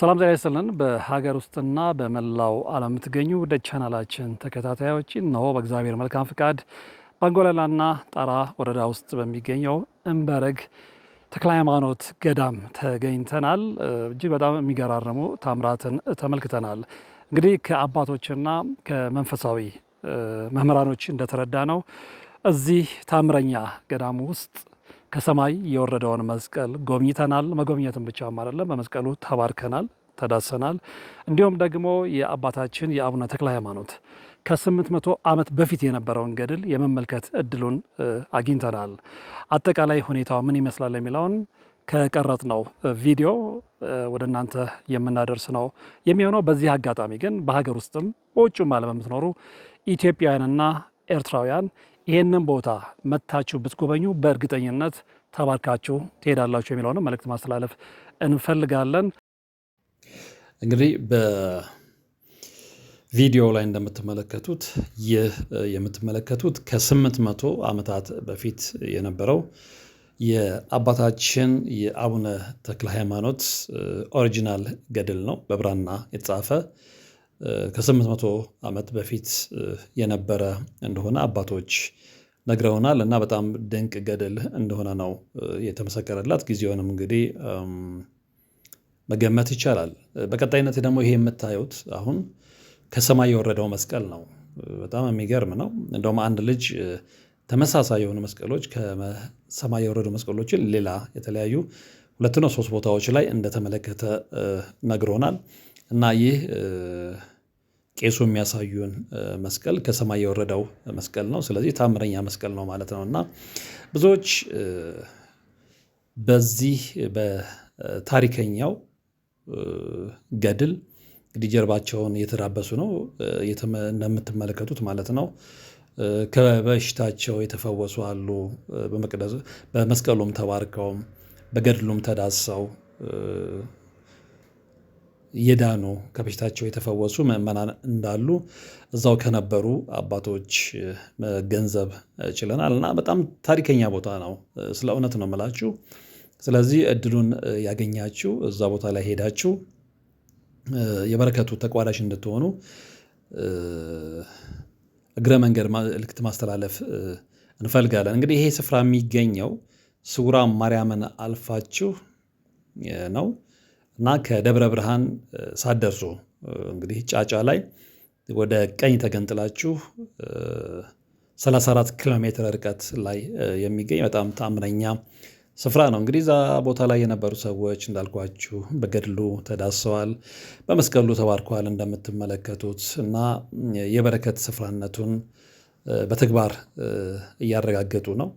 ሰላም ጤና ይስጥልን። በሀገር ውስጥና በመላው ዓለም የምትገኙ ወደ ቻናላችን ተከታታዮች እነሆ በእግዚአብሔር መልካም ፍቃድ ባንጎለላና ጣራ ወረዳ ውስጥ በሚገኘው እምበረግ ተክለ ሃይማኖት ገዳም ተገኝተናል። እጅግ በጣም የሚገራርሙ ታምራትን ተመልክተናል። እንግዲህ ከአባቶችና ከመንፈሳዊ መምህራኖች እንደተረዳ ነው እዚህ ታምረኛ ገዳም ውስጥ ከሰማይ የወረደውን መስቀል ጎብኝተናል። መጎብኘትን ብቻም አይደለም፣ በመስቀሉ ተባርከናል፣ ተዳሰናል። እንዲሁም ደግሞ የአባታችን የአቡነ ተክለ ሃይማኖት ከስምንት መቶ ዓመት በፊት የነበረውን ገድል የመመልከት እድሉን አግኝተናል። አጠቃላይ ሁኔታው ምን ይመስላል የሚለውን ከቀረጥ ነው ቪዲዮ ወደ እናንተ የምናደርስ ነው የሚሆነው። በዚህ አጋጣሚ ግን በሀገር ውስጥም በውጭም ዓለም የምትኖሩ ኢትዮጵያውያንና ኤርትራውያን ይህንን ቦታ መታችሁ ብትጎበኙ በእርግጠኝነት ተባርካችሁ ትሄዳላችሁ የሚለውን መልእክት ማስተላለፍ እንፈልጋለን። እንግዲህ በቪዲዮ ላይ እንደምትመለከቱት ይህ የምትመለከቱት ከስምንት መቶ ዓመታት በፊት የነበረው የአባታችን የአቡነ ተክለ ሃይማኖት ኦሪጂናል ገድል ነው። በብራና የተጻፈ ከ800 ዓመት በፊት የነበረ እንደሆነ አባቶች ነግረውናል እና በጣም ድንቅ ገድል እንደሆነ ነው የተመሰከረላት። ጊዜውንም እንግዲህ መገመት ይቻላል። በቀጣይነት ደግሞ ይሄ የምታዩት አሁን ከሰማይ የወረደው መስቀል ነው። በጣም የሚገርም ነው። እንደውም አንድ ልጅ ተመሳሳይ የሆኑ መስቀሎች ከሰማይ የወረዱ መስቀሎችን ሌላ የተለያዩ ነው ሶስት ቦታዎች ላይ እንደተመለከተ ነግሮናል። እና ይህ ቄሱ የሚያሳዩን መስቀል ከሰማይ የወረደው መስቀል ነው። ስለዚህ ታምረኛ መስቀል ነው ማለት ነው እና ብዙዎች በዚህ በታሪከኛው ገድል እንግዲህ ጀርባቸውን እየተዳበሱ ነው እንደምትመለከቱት ማለት ነው። ከበሽታቸው የተፈወሱ አሉ። በመስቀሉም ተባርከውም በገድሉም ተዳሰው የዳኑ ከበሽታቸው የተፈወሱ ምዕመናን እንዳሉ እዛው ከነበሩ አባቶች መገንዘብ ችለናል እና በጣም ታሪከኛ ቦታ ነው። ስለ እውነት ነው የምላችሁ። ስለዚህ እድሉን ያገኛችሁ እዛ ቦታ ላይ ሄዳችሁ የበረከቱ ተቋዳሽ እንድትሆኑ እግረ መንገድ መልእክት ማስተላለፍ እንፈልጋለን። እንግዲህ ይሄ ስፍራ የሚገኘው ስውራ ማርያምን አልፋችሁ ነው። እና ከደብረ ብርሃን ሳትደርሱ እንግዲህ ጫጫ ላይ ወደ ቀኝ ተገንጥላችሁ 34 ኪሎ ሜትር ርቀት ላይ የሚገኝ በጣም ታምረኛ ስፍራ ነው። እንግዲህ እዛ ቦታ ላይ የነበሩ ሰዎች እንዳልኳችሁ በገድሉ ተዳሰዋል፣ በመስቀሉ ተባርከዋል እንደምትመለከቱት እና የበረከት ስፍራነቱን በተግባር እያረጋገጡ ነው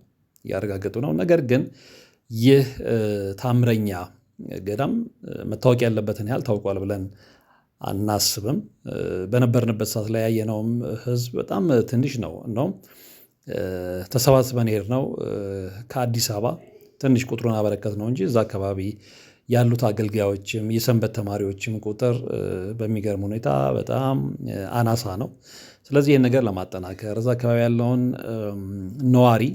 እያረጋገጡ ነው። ነገር ግን ይህ ታምረኛ ገዳም መታወቅ ያለበትን ያህል ታውቋል ብለን አናስብም። በነበርንበት ሰዓት ላይ ያየነውም ህዝብ በጣም ትንሽ ነው። እንደውም ተሰባስበን ሄድ ነው ከአዲስ አበባ ትንሽ ቁጥሩን አበረከት ነው እንጂ እዛ አካባቢ ያሉት አገልጋዮችም የሰንበት ተማሪዎችም ቁጥር በሚገርም ሁኔታ በጣም አናሳ ነው። ስለዚህ ይህን ነገር ለማጠናከር እዛ አካባቢ ያለውን ነዋሪ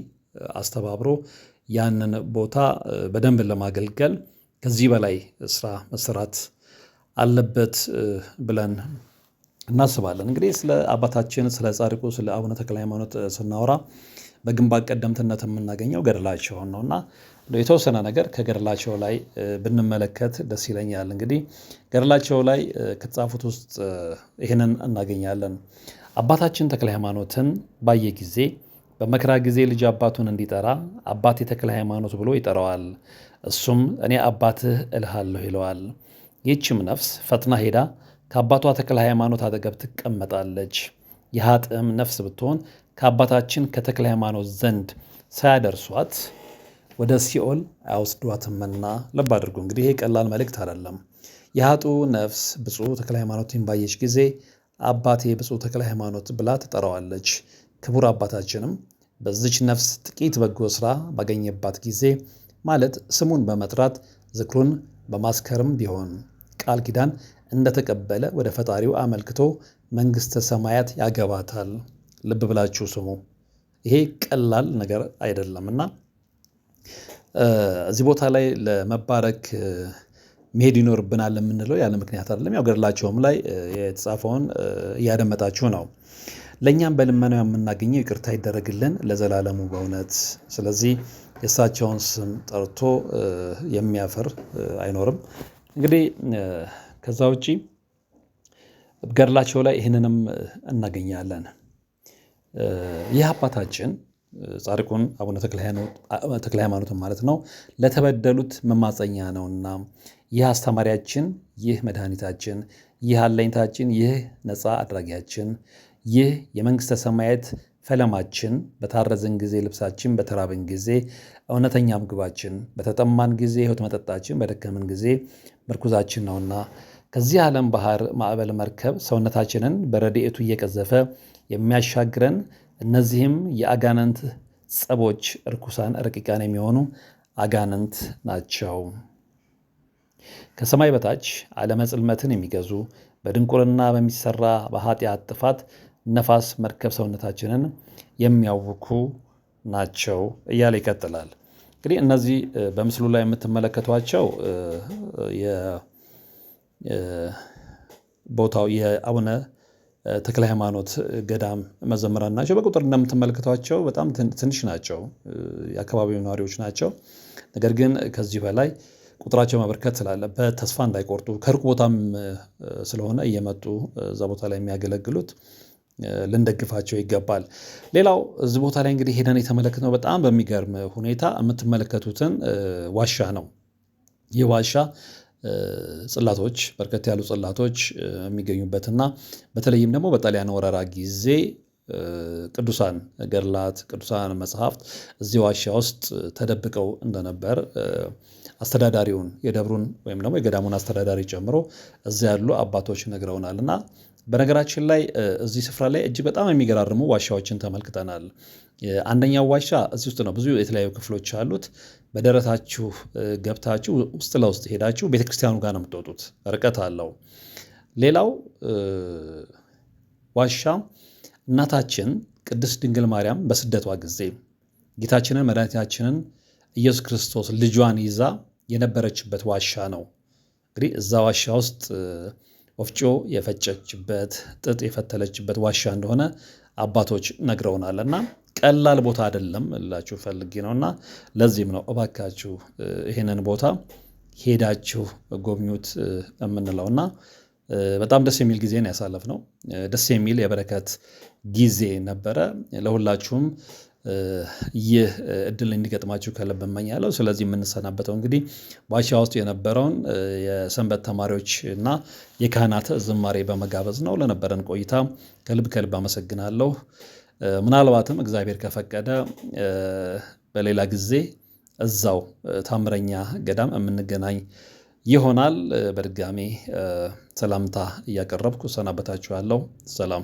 አስተባብሮ ያንን ቦታ በደንብ ለማገልገል ከዚህ በላይ ስራ መሰራት አለበት ብለን እናስባለን። እንግዲህ ስለ አባታችን ስለ ጻድቁ ስለ አቡነ ተክለ ሃይማኖት ስናወራ በግንባር ቀደምትነት የምናገኘው ገድላቸውን ነው እና የተወሰነ ነገር ከገድላቸው ላይ ብንመለከት ደስ ይለኛል። እንግዲህ ገድላቸው ላይ ከተጻፉት ውስጥ ይህንን እናገኛለን። አባታችን ተክለ ሃይማኖትን ባየ ጊዜ በመከራ ጊዜ ልጅ አባቱን እንዲጠራ አባቴ ተክለ ሃይማኖት ብሎ ይጠራዋል። እሱም እኔ አባትህ እልሃለሁ ይለዋል። ይህችም ነፍስ ፈጥና ሄዳ ከአባቷ ተክለ ሃይማኖት አጠገብ ትቀመጣለች። የሀጥም ነፍስ ብትሆን ከአባታችን ከተክለ ሃይማኖት ዘንድ ሳያደርሷት ወደ ሲኦል አያወስዷትምና። ልብ አድርጉ እንግዲህ ይህ ቀላል መልእክት አይደለም። የሀጡ ነፍስ ብፁዕ ተክለ ሃይማኖትን ባየች ጊዜ አባቴ ብፁዕ ተክለ ሃይማኖት ብላ ትጠራዋለች። ክቡር አባታችንም በዚች ነፍስ ጥቂት በጎ ሥራ ባገኘባት ጊዜ ማለት ስሙን በመጥራት ዝክሩን በማስከርም ቢሆን ቃል ኪዳን እንደተቀበለ ወደ ፈጣሪው አመልክቶ መንግሥተ ሰማያት ያገባታል። ልብ ብላችሁ ስሙ። ይሄ ቀላል ነገር አይደለም እና እዚህ ቦታ ላይ ለመባረክ መሄድ ይኖርብናል የምንለው ያለ ምክንያት አይደለም። ያው ገድላቸውም ላይ የተጻፈውን እያደመጣችሁ ነው። ለእኛም በልመናው የምናገኘው ይቅርታ ይደረግልን ለዘላለሙ በእውነት ስለዚህ የእሳቸውን ስም ጠርቶ የሚያፈር አይኖርም። እንግዲህ ከዛ ውጪ ገድላቸው ላይ ይህንንም እናገኛለን። ይህ አባታችን ጻድቁን አቡነ ተክለ ሃይማኖትን ማለት ነው ለተበደሉት መማፀኛ ነውና ይህ አስተማሪያችን፣ ይህ መድኃኒታችን፣ ይህ አለኝታችን፣ ይህ ነፃ አድራጊያችን ይህ የመንግሥተ ሰማያት ፈለማችን በታረዝን ጊዜ ልብሳችን፣ በተራብን ጊዜ እውነተኛ ምግባችን፣ በተጠማን ጊዜ ሕይወት መጠጣችን፣ በደከምን ጊዜ ምርኩዛችን ነውና ከዚህ ዓለም ባህር ማዕበል መርከብ ሰውነታችንን በረድኤቱ እየቀዘፈ የሚያሻግረን እነዚህም የአጋንንት ጸቦች እርኩሳን ረቂቃን የሚሆኑ አጋንንት ናቸው። ከሰማይ በታች ዓለመ ጽልመትን የሚገዙ በድንቁርና በሚሰራ በኃጢአት ጥፋት ነፋስ መርከብ ሰውነታችንን የሚያውኩ ናቸው እያለ ይቀጥላል። እንግዲህ እነዚህ በምስሉ ላይ የምትመለከቷቸው ቦታው የአቡነ ተክለ ሃይማኖት ገዳም መዘምራን ናቸው። በቁጥር እንደምትመለከቷቸው በጣም ትንሽ ናቸው፣ የአካባቢው ነዋሪዎች ናቸው። ነገር ግን ከዚህ በላይ ቁጥራቸው መበርከት ስላለበት ተስፋ እንዳይቆርጡ ከሩቅ ቦታም ስለሆነ እየመጡ እዛ ቦታ ላይ የሚያገለግሉት ልንደግፋቸው ይገባል። ሌላው እዚህ ቦታ ላይ እንግዲህ ሄደን የተመለከትነው በጣም በሚገርም ሁኔታ የምትመለከቱትን ዋሻ ነው። ይህ ዋሻ ጽላቶች፣ በርከት ያሉ ጽላቶች የሚገኙበትና በተለይም ደግሞ በጣሊያን ወረራ ጊዜ ቅዱሳን ገድላት፣ ቅዱሳን መጽሐፍት እዚህ ዋሻ ውስጥ ተደብቀው እንደነበር አስተዳዳሪውን የደብሩን ወይም ደግሞ የገዳሙን አስተዳዳሪ ጨምሮ እዚያ ያሉ አባቶች ነግረውናል እና በነገራችን ላይ እዚህ ስፍራ ላይ እጅግ በጣም የሚገራርሙ ዋሻዎችን ተመልክተናል። አንደኛው ዋሻ እዚህ ውስጥ ነው። ብዙ የተለያዩ ክፍሎች አሉት። በደረታችሁ ገብታችሁ ውስጥ ለውስጥ ሄዳችሁ ቤተክርስቲያኑ ጋር ነው የምትወጡት። ርቀት አለው። ሌላው ዋሻ እናታችን ቅድስት ድንግል ማርያም በስደቷ ጊዜ ጌታችንን መድኃኒታችንን ኢየሱስ ክርስቶስ ልጇን ይዛ የነበረችበት ዋሻ ነው። እንግዲህ እዛ ዋሻ ውስጥ ወፍጮ የፈጨችበት ጥጥ የፈተለችበት ዋሻ እንደሆነ አባቶች ነግረውናል። እና ቀላል ቦታ አይደለም እላችሁ ፈልጌ ነው። እና ለዚህም ነው እባካችሁ ይህንን ቦታ ሄዳችሁ ጎብኙት የምንለው እና በጣም ደስ የሚል ጊዜን ያሳለፍነው ደስ የሚል የበረከት ጊዜ ነበረ። ለሁላችሁም ይህ እድል እንዲገጥማችሁ ከልብ እመኛለሁ። ስለዚህ የምንሰናበተው እንግዲህ ባሻ ውስጥ የነበረውን የሰንበት ተማሪዎች እና የካህናት ዝማሬ በመጋበዝ ነው። ለነበረን ቆይታ ከልብ ከልብ አመሰግናለሁ። ምናልባትም እግዚአብሔር ከፈቀደ በሌላ ጊዜ እዛው ታምረኛ ገዳም የምንገናኝ ይሆናል። በድጋሚ ሰላምታ እያቀረብኩ ሰናበታችኋለሁ። ሰላም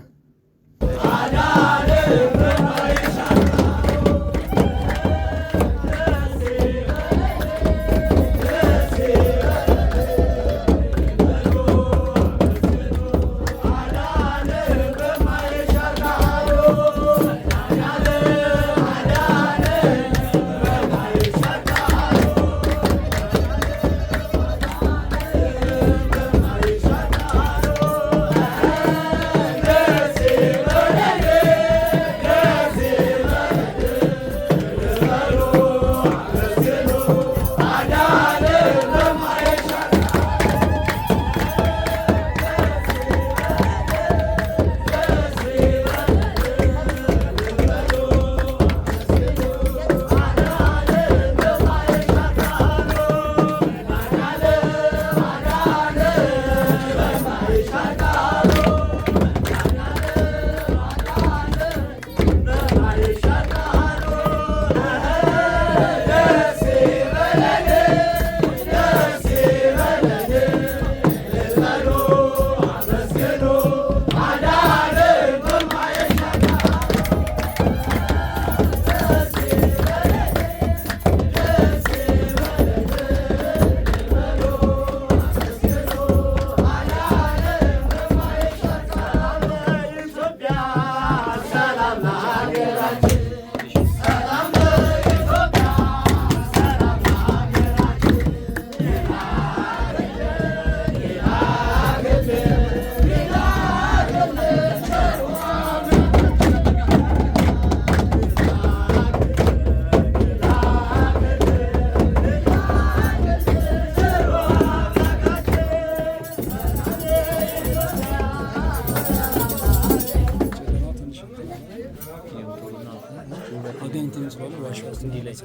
አገኝተን ስለሆነ ዋሽ ውስጥ እንዲህ ላይ